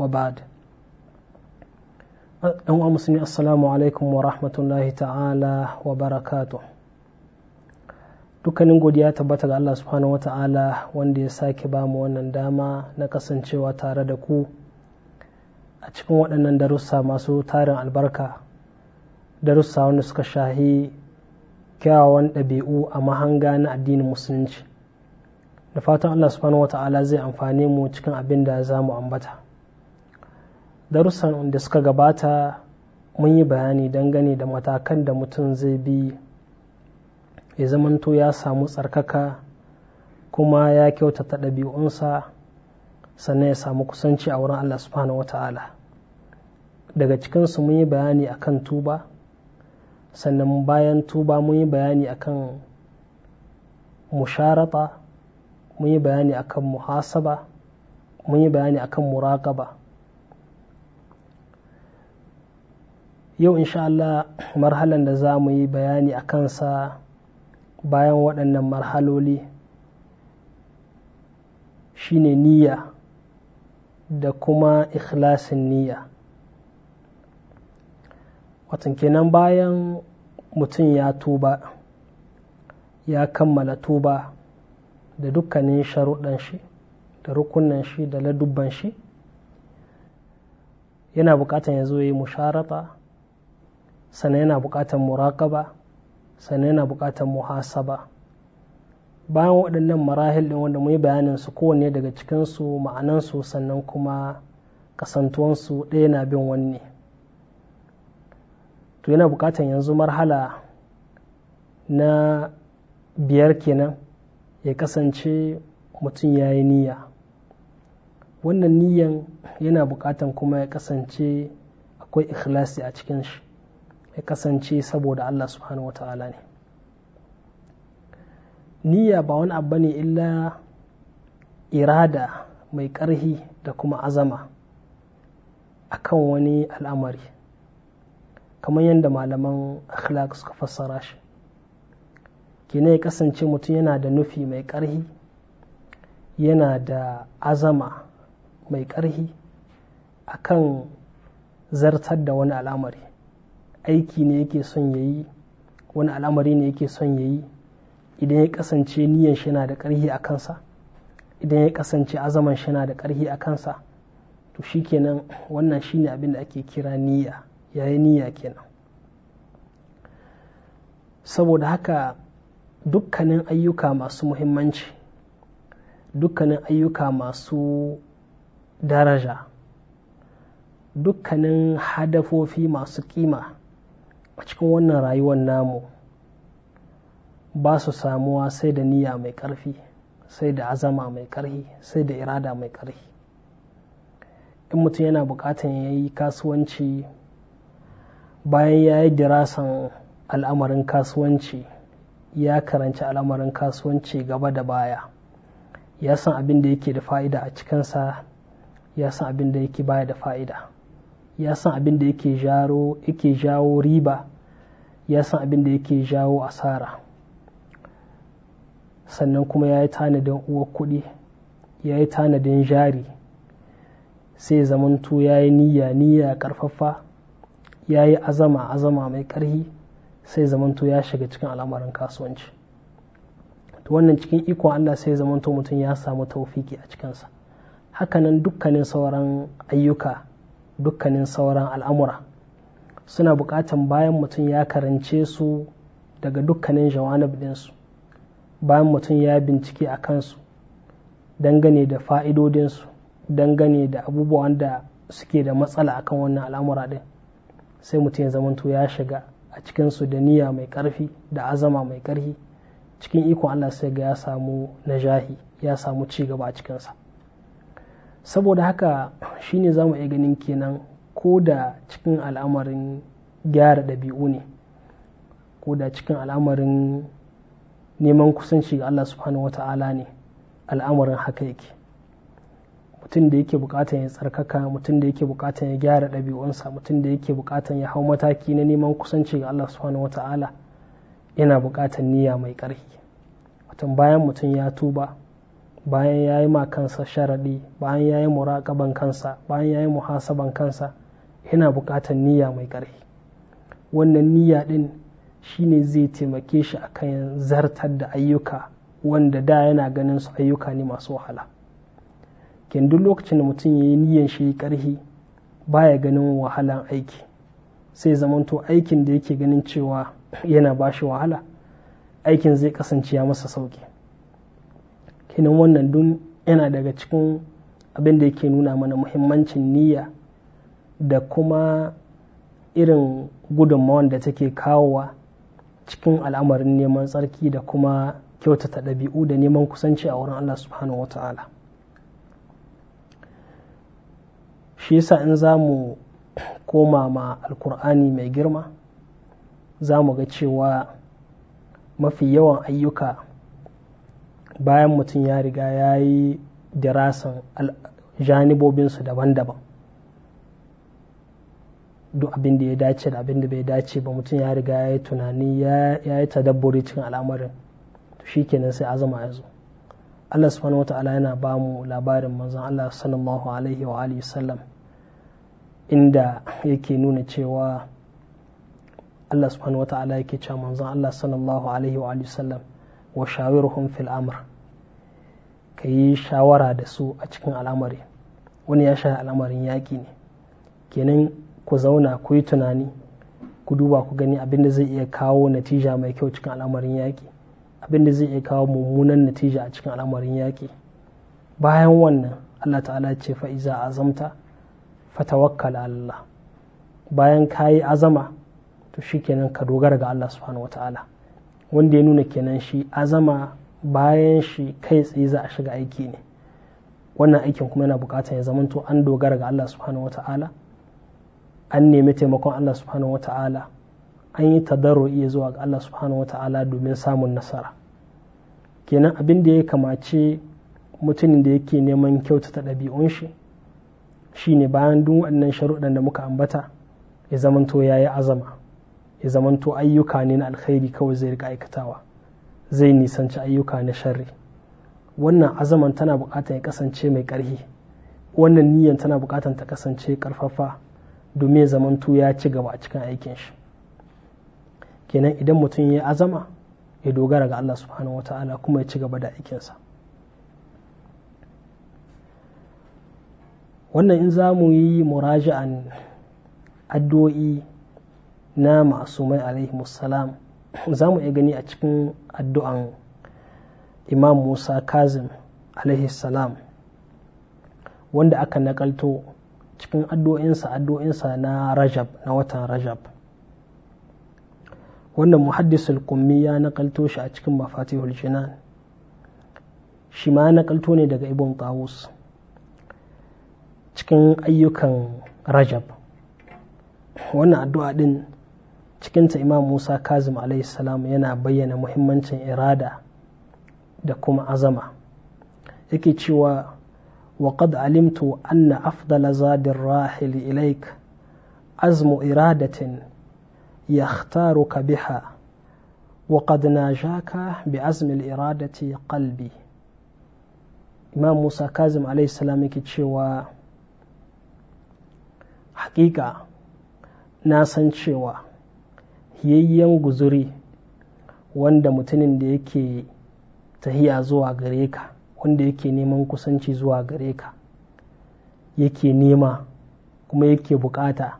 wa ba'd ɗan wa musulmi assalamu alaikum wa rahmatullahi ta'ala wa barakatu. dukkanin godiya tabbata ga Allah subhanahu wata'ala wanda ya sake ba mu wannan dama na kasancewa tare da ku a cikin waɗannan darussa masu tarin albarka darussa wanda suka shahi kyawawan ɗabi'u a mahanga na addinin musulunci da fatan Allah subhanahu wata'ala zai amfani mu cikin abin da za mu ambata darussan da suka gabata mun yi bayani dangane da matakan da mutum zai bi ya zamanto ya samu tsarkaka kuma ya kyautata ɗabi'unsa sannan ya samu kusanci a wurin Allah subhanahu wa ta'ala daga cikinsu mun yi bayani akan tuba sannan bayan tuba mun yi bayani akan musharata mun yi bayani akan muhasaba mun yi bayani akan muraƙaba yau insha Allah marhalan da za mu yi bayani a kansa bayan waɗannan marhaloli shine niyya da kuma ikhlasin niyya watan kenan bayan mutum ya tuba ya kammala tuba da dukkanin sharuɗan shi da rukunan shi da ladubban shi yana bukatan ya zo ya yi musharata sannan yana buƙatar muraƙaba sannan yana buƙatar muhasaba bayan waɗannan marahil ɗin wanda mu yi bayanin su kowanne daga cikinsu ma'anansu sannan kuma kasantuwansu ɗaya na bin wanne to yana buƙatar yanzu marhala na biyar kenan ya kasance mutum ya yi niyya wannan niyyan yana buƙatar kuma ya kasance akwai ikhlasi a cikin shi ya kasance saboda Allah subhanahu wa ta'ala ne niyya ba wani abu ne illa irada mai ƙarhi da kuma azama akan wani al'amari kamar yadda malaman akhlaq suka fassara shi kina ya kasance mutum yana da nufi mai ƙarhi yana da azama mai ƙarhi akan zartar da wani al'amari aiki ne yake son ya yi wani al'amari ne yake son ya yi idan ya kasance niyan shi na da ƙarhi a kansa idan ya kasance azaman shi na da ƙarhi a kansa to shi shikenan wannan shine abin da ake kira niyya yayi niyya kenan saboda haka dukkanin ayyuka masu muhimmanci dukkanin ayyuka masu daraja dukkanin hadafofi masu kima a cikin wannan rayuwar namu ba su samuwa sai da niyya mai ƙarfi sai da azama mai ƙarfi sai da irada mai ƙarfi in mutum yana buƙatar ya yi kasuwanci bayan ya yi dirasan al'amarin kasuwanci ya karanci al'amarin kasuwanci gaba da baya ya san abin da yake da fa'ida a cikinsa ya san abin da yake baya da fa'ida ya san abin da yake jaro yake jawo riba ya san abin da yake jawo asara sannan kuma ya yi tanadin uwar kuɗi ya yi tanadin jari sai zamantu ya yi niyya niyya karfafa ya yi azama azama mai ƙarhi sai zamantu ya shiga cikin al'amarin kasuwanci wannan cikin ikon allah sai zamantu mutum ya samu taufiki a cikinsa hakanan dukkanin sauran ayyuka dukkanin sauran al'amura suna buƙatan bayan mutum ya karance su daga dukkanin jawanib ɗinsu bayan mutum ya bincike a kansu dangane da fa'idodinsu dangane da abubuwan da suke da matsala akan wannan al'amura ɗin sai mutum ya zamanto ya shiga a cikinsu da niyya mai ƙarfi da azama mai ƙarfi cikin ikon allah sai ga ya samu najahi ya samu ci gaba a cikinsa saboda haka shine za mu iya ganin kenan ko da cikin al'amarin gyara ɗabi'u ne ko da cikin al'amarin neman kusanci ga Allah subhanahu wata'ala ne al'amarin haka yake mutum da yake bukatan ya tsarkaka mutum da yake bukatan ya gyara ɗabi'unsa mutum da yake bukatan ya hau mataki na neman kusanci ga Allah subhanahu wata'ala yana bukatan niyya mai ƙarfi mutum bayan mutum ya tuba bayan ya yi ma kansa sharaɗi bayan ya yi muraƙaban kansa bayan ya yi muhasaban kansa yana buƙatar niyya mai ƙarfi wannan niyya ɗin shine zai taimake shi akan zartar da ayyuka wanda da yana ganin su ayyuka ne masu wahala kin lokacin da mutum ya yi niyyan shi yi ƙarfi baya ganin wahalan aiki sai zamanto aikin da yake ganin cewa yana ba shi wahala aikin zai kasance ya masa sauƙi. kenan wannan dun yana daga cikin abin da yake nuna mana muhimmancin niyya da kuma irin gudunmawan da take kawowa cikin al'amarin neman tsarki da kuma kyautata ɗabi'u da neman kusanci a wurin Allah subhanahu wa ta'ala shi yasa in za mu koma ma alkur'ani mai girma za mu ga cewa mafi yawan ayyuka bayan mutum ya riga ya yi dirasan janibobinsu daban-daban duk abin da ya dace da abin da bai dace ba mutum ya riga ya yi tunani ya yi tadabburi cikin al'amarin to shi kenan sai azama ya zo Allah subhanahu wa ta'ala yana ba mu labarin manzon Allah sallallahu alaihi wa alihi sallam inda yake nuna cewa Allah subhanahu wa ta'ala yake cewa manzon Allah sallallahu alaihi wa alihi sallam wa shawiruhum fil amr ka yi shawara da su a cikin al'amari wani ya sha al'amarin yaƙi ne kenan ku zauna ku yi tunani ku duba ku gani abin da zai iya kawo natija mai kyau cikin al'amarin yaƙi abin da zai iya kawo mummunan natija a cikin al'amarin yaƙi bayan wannan allah ta'ala ce fa'iza azamta fatawakkal allah bayan ka yi azama to shikenan ka dogara ga allah subhanahu wataala wanda ya nuna kenan shi azama bayan shi kai tsaye za a shiga aiki ne wannan aikin kuma yana bukatar ya zamanto an dogara ga Allah subhanahu wata'ala an nemi taimakon Allah subhanahu wata'ala an yi iya zuwa ga Allah subhanahu wata'ala domin samun nasara kenan abin da ya kamace mutumin da yake neman kyautata ɗabi'un shi shine bayan duk waɗannan sharuɗan da muka ambata ya zamanto ya yi azama ya zamanto ayyuka ne na alkhairi kawai zai rika aikatawa zai nisanci ayyuka na sharri wannan azaman tana bukatar ya kasance mai ƙarfi wannan niyyar tana bukatar ta kasance karfafa domin ya zamanto ya ci gaba a cikin aikin shi kenan idan mutum ya azama ya dogara ga Allah subhanahu wata'ala kuma ya ci gaba da aikinsa wannan in za mu yi muraja'an addu'o'i na masumai alaihi musalam za mu iya gani a cikin addu'an imam musa kazim alaihi salam wanda aka nakalto cikin addu'insa addu'insa na rajab na watan rajab wannan muhaddisul kummi ya nakalto shi a cikin mafatihul jinan shi ma ya nakalto ne daga ibn tawus cikin ayyukan rajab wannan addu'a din cikinta imam musa kazim salam yana bayyana muhimmancin irada da kuma azama yake cewa وقد علمت أن أفضل زاد الراحل إليك عزم إرادة يختارك بها وقد ناجاك بعزم الإرادة قلبي إمام موسى كاظم عليه السلام كتشوى حقيقة ناسا شوى hiyayyen guzuri wanda mutumin da yake tahiya zuwa gare ka wanda yake neman kusanci zuwa gare ka yake nema kuma yake bukata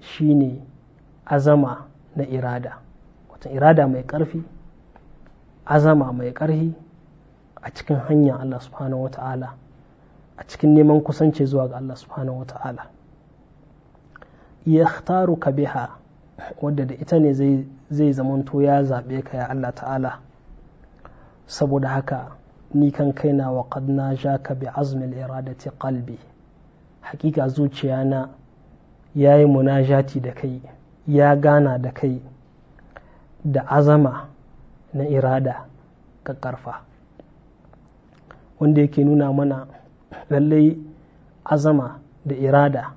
shine azama na irada wata irada mai karfi azama mai karhi a cikin hanyar Allah subhanahu wa ta'ala a cikin neman kusanci zuwa ga Allah subhanahu wa ta'ala ya biha wadda da ita ne zai zamanto ya zaɓe ka ya Allah ta'ala saboda haka ni kan kai na wa qad najaka bi azmil iradati qalbi hakika zuciya ya yayi munajati da kai ya gana da kai da azama na irada ka karfa wanda yake nuna mana lallai azama da irada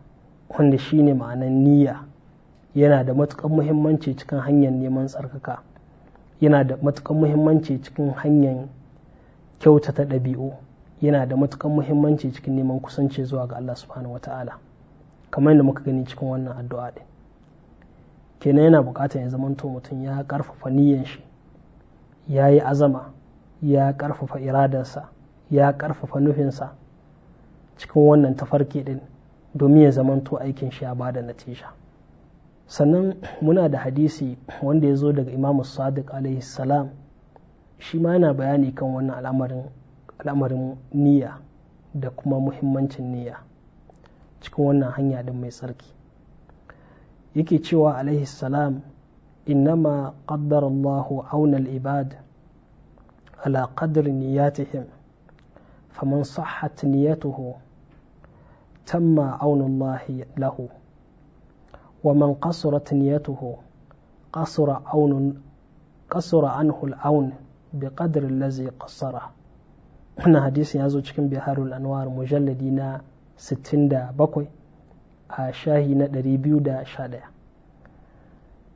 wanda shine ma'anan niyya yana da matukan muhimmanci cikin hanyar neman tsarkaka yana da matukan muhimmanci cikin hanyar kyautata ɗabi'u yana da matukan muhimmanci cikin neman kusanci zuwa ga Allah subhanahu wata'ala kamar yadda muka gani cikin wannan addu'a ɗin kenan yana buƙatar ya zamanto mutum ya karfafa niyyar shi ya yi azama ya ƙarfafa iradarsa ya ƙarfafa nufinsa cikin wannan tafarki ɗin domin ya zamanto aikin shi ya bada natija sannan muna da hadisi wanda ya zo daga imamu sadiq alaihi salam shi ma yana bayani kan wannan al'amarin niyya da kuma muhimmancin niyya cikin wannan hanya din mai tsarki yake cewa alaihi salam ma qaddara Allahu auna ibad ala qadri niyatihim faman sahhat niyatuhu tamma auna lahu wa man qasurat niyatuhu qasura aunun qasura anhu al-aun bi qadri allazi qassara wannan hadisin ya zo cikin biharul anwar mujalladi na bakwai. a shahi na da 211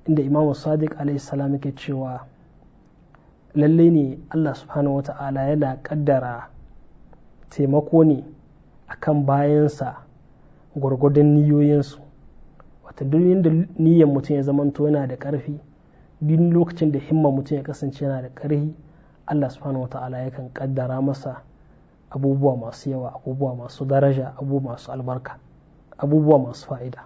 inda imam sadiq alaihi salam yake cewa lallai ne Allah subhanahu wata'ala yana ƙaddara taimako ne akan bayansa gwargwadon niyoyinsu wata duk inda niyyar mutum ya zamanto yana da ƙarfi duk lokacin da himma mutum ya kasance yana da ƙarfi Allah subhanahu wata'ala yakan kaddara masa abubuwa masu yawa abubuwa masu daraja abubuwa masu albarka abubuwa masu fa'ida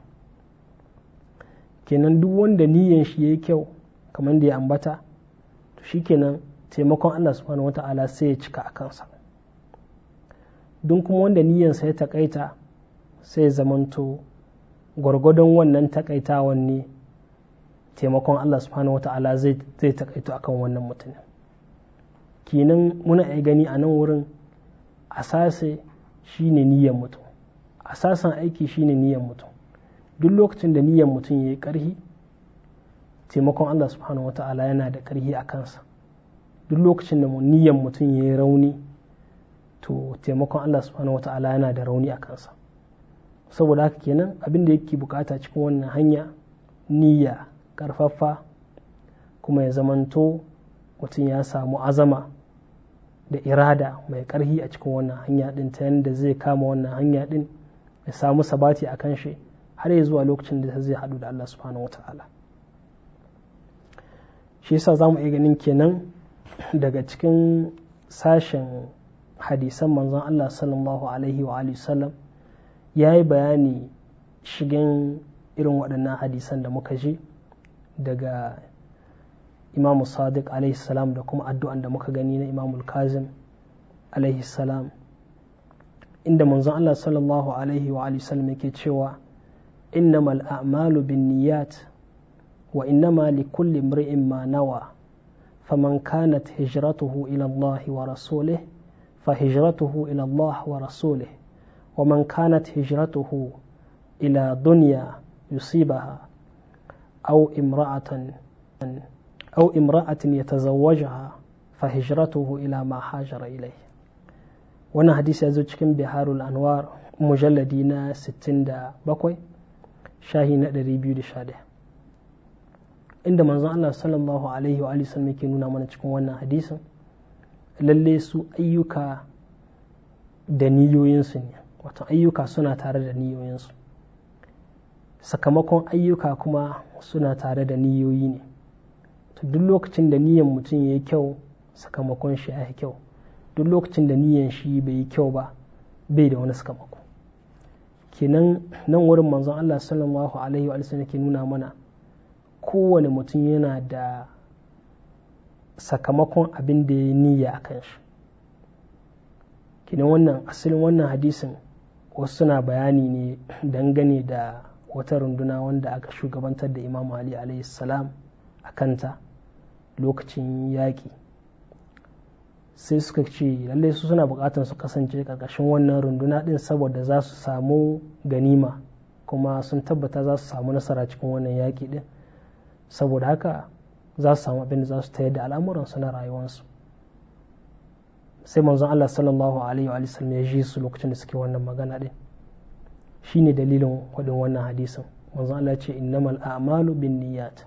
kenan duk wanda niyyar shi ya yi kyau kamar da ya ambata to shikenan taimakon Allah subhanahu wata'ala sai ya cika a kansa dun kuma wanda niyyarsa ya takaita sai zamanto gwargwadon wannan takaitawan ne taimakon Allah subhanahu wata'ala zai takaito akan wannan mutumin kenan muna iya gani a nan wurin asase shine niyyar mutum asasin aiki shine niyyar mutum duk lokacin da niyyar mutum ya yi ƙarhi taimakon Allah subhanahu wata'ala yana da ƙarhi a kansa duk lokacin da niyyar mutum ya yi rauni to taimakon Allah subhanahu wata'ala yana da rauni a kansa saboda haka kenan abin da yake bukata cikin wannan hanya niyya karfafa kuma ya zamanto mutum ya samu azama da irada mai karhi a cikin wannan hanya din ta yadda zai kama wannan hanya din ya samu sabati a kan shi har ya zuwa lokacin da zai haɗu da Allah subhanahu wa ta'ala shi yasa za mu iya ganin kenan daga cikin sashen hadisan manzon Allah sallallahu alaihi wa sallam ya yi bayani shigen irin waɗannan hadisan da muka ji daga imamu sadiq da kuma addu'an da muka gani na imamul kazim inda manzon Allah sallallahu alaihi wa sallam yake cewa innamal a'malu binniyat wa innama likulli imri'in ma nawa faman kanat hijratuhu ila Allah wa rasulih fa hijratuhu ila Allah wa rasulih Wamman kan a ta hijirata ho ila duniya yu siɓa au imraatan ya tazawajawa fa ila ho ila mahajarai lai. Wannan hadisi azau cikin biharul anwar mujalladi na sittin da bakwai, shahi na ɗari biyu Inda manzan ana so na wa Ali san me nuna mana cikin wannan hadisin, lalle su ayyuka da niyyoyinsu ne. wato ayyuka suna tare da niyoyinsu sakamakon ayyuka kuma suna tare da niyoyi ne to duk lokacin da niyan mutum ya yi kyau sakamakon shi ya yi kyau duk lokacin da niyan shi bai yi kyau ba bai da wani sakamako kenan nan wurin manzon Allah sallallahu alaihi wa sallam ke nuna mana kowane mutum yana da sakamakon abin da ya yi niyya a kan shi kenan wannan asalin wannan hadisin wasu suna bayani ne dangane da wata runduna wanda aka shugabantar da imam ali alayhi salam a kanta lokacin yaƙi sai suka ce lallai su suna bukatar su kasance karkashin wannan runduna din saboda za su samu ganima kuma sun tabbata za su samu nasara cikin wannan yaƙi din saboda haka za su samu abin da za su tayar da al'amuransu na rayuwarsu sai manzon Allah sallallahu alaihi wa sallam ya ji su lokacin da suke wannan magana din shine dalilin wadin wannan hadisin manzon Allah ce innamal a'malu bin niyyat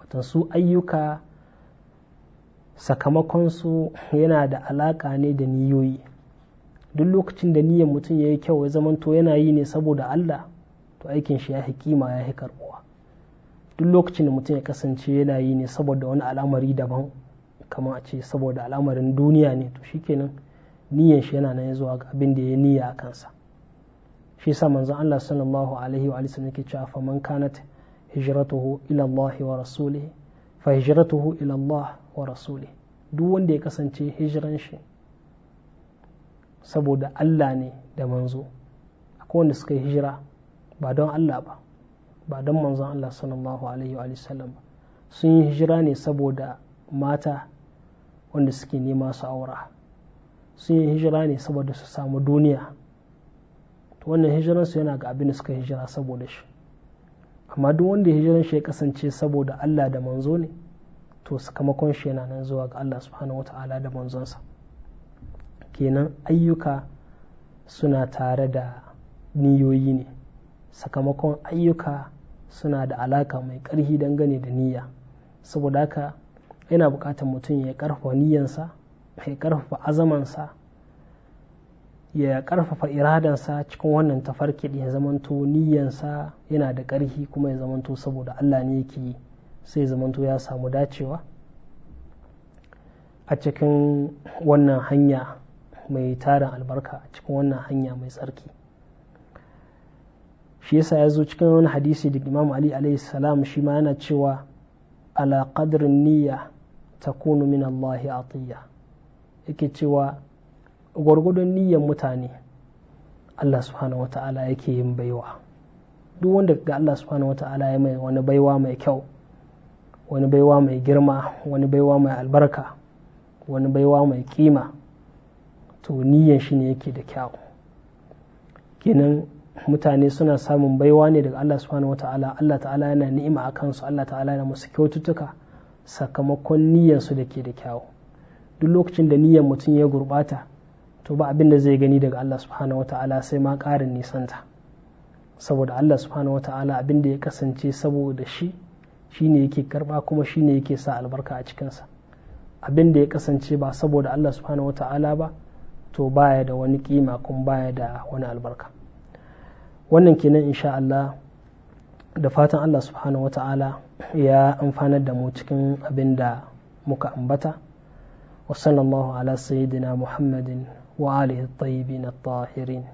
watan su ayyuka sakamakon su yana da alaka ne da niyoyi duk lokacin da niyyar mutum ya yi kyau ya zamanto yana yi ne saboda Allah to aikin shi ya hikima ya hikar karbuwa duk lokacin da mutum ya kasance yana yi ne saboda wani al'amari daban kamar a ce saboda al'amarin duniya ne to shikenan niyan shi yana nan zuwa ga abin da ya niyya a kansa shi sa manzon Allah sallallahu alaihi wa sallam yake cewa fa man kanat hijratuhu ila Allah wa rasulihi fa hijratuhu ila Allah wa rasulihi duk wanda ya kasance hijran shi saboda Allah ne da manzo akwai wanda suka yi hijira ba don Allah ba ba don manzon Allah sallallahu alaihi wa sallam sun yi hijira ne saboda mata wanda suke nema su aura sun yi hijira ne saboda su samu duniya to wannan su yana ga abin da suka hijira saboda shi amma duk wanda hijiran shi ya kasance saboda Allah da manzo ne to sakamakon shi yana nan zuwa ga Allah subhanahu wata'ala da manzonsa kenan ayyuka suna tare da niyoyi ne sakamakon ayyuka suna da alaka mai ƙarfi dangane da niyya saboda haka yana buƙatar mutum ya karfafa niyyansa ya karfafa azamansa ya karfafa iradansa cikin wannan tafarki ya zamanto niyyansa yana da ƙarfi kuma ya zamanto saboda Allah ne yake yi sai zamanto ya samu dacewa a cikin wannan hanya mai tarin albarka a cikin wannan hanya mai tsarki shi yasa ya zo cikin wani hadisi da imam ali alaihi salam shi ma yana cewa ala qadrin niyya takunu min Allahi atiya yake cewa gwargwadon niyyar mutane Allah subhanahu wata'ala yake yin baiwa duk wanda ga Allah subhanahu wata'ala ya mai wani baiwa mai kyau wani baiwa mai girma wani baiwa mai albarka wani baiwa mai kima to niyyar shi ne yake da kyau kenan mutane suna samun baiwa ne daga Allah subhanahu wata'ala Allah ta'ala yana ni'ima a kansu Allah ta'ala yana musu kyaututtuka sakamakon niyyarsu da ke da kyawu duk lokacin da niyyar mutum ya gurbata to ba abin da zai gani daga Allah subhanahu wata'ala sai ma ƙarin nisanta saboda Allah subhanahu wata'ala abin da ya kasance saboda shi shine yake karba kuma shine yake sa albarka a cikinsa abin da ya kasance ba saboda Allah subhanahu wata'ala ba to baya da wani kima kuma baya da wani albarka wannan kenan insha Allah da fatan Allah subhanahu wata'ala ya amfanar da mu cikin abin da muka ambata wa sallallahu ala sayyidina muhammadin wa alihi tayyibin at-tahirin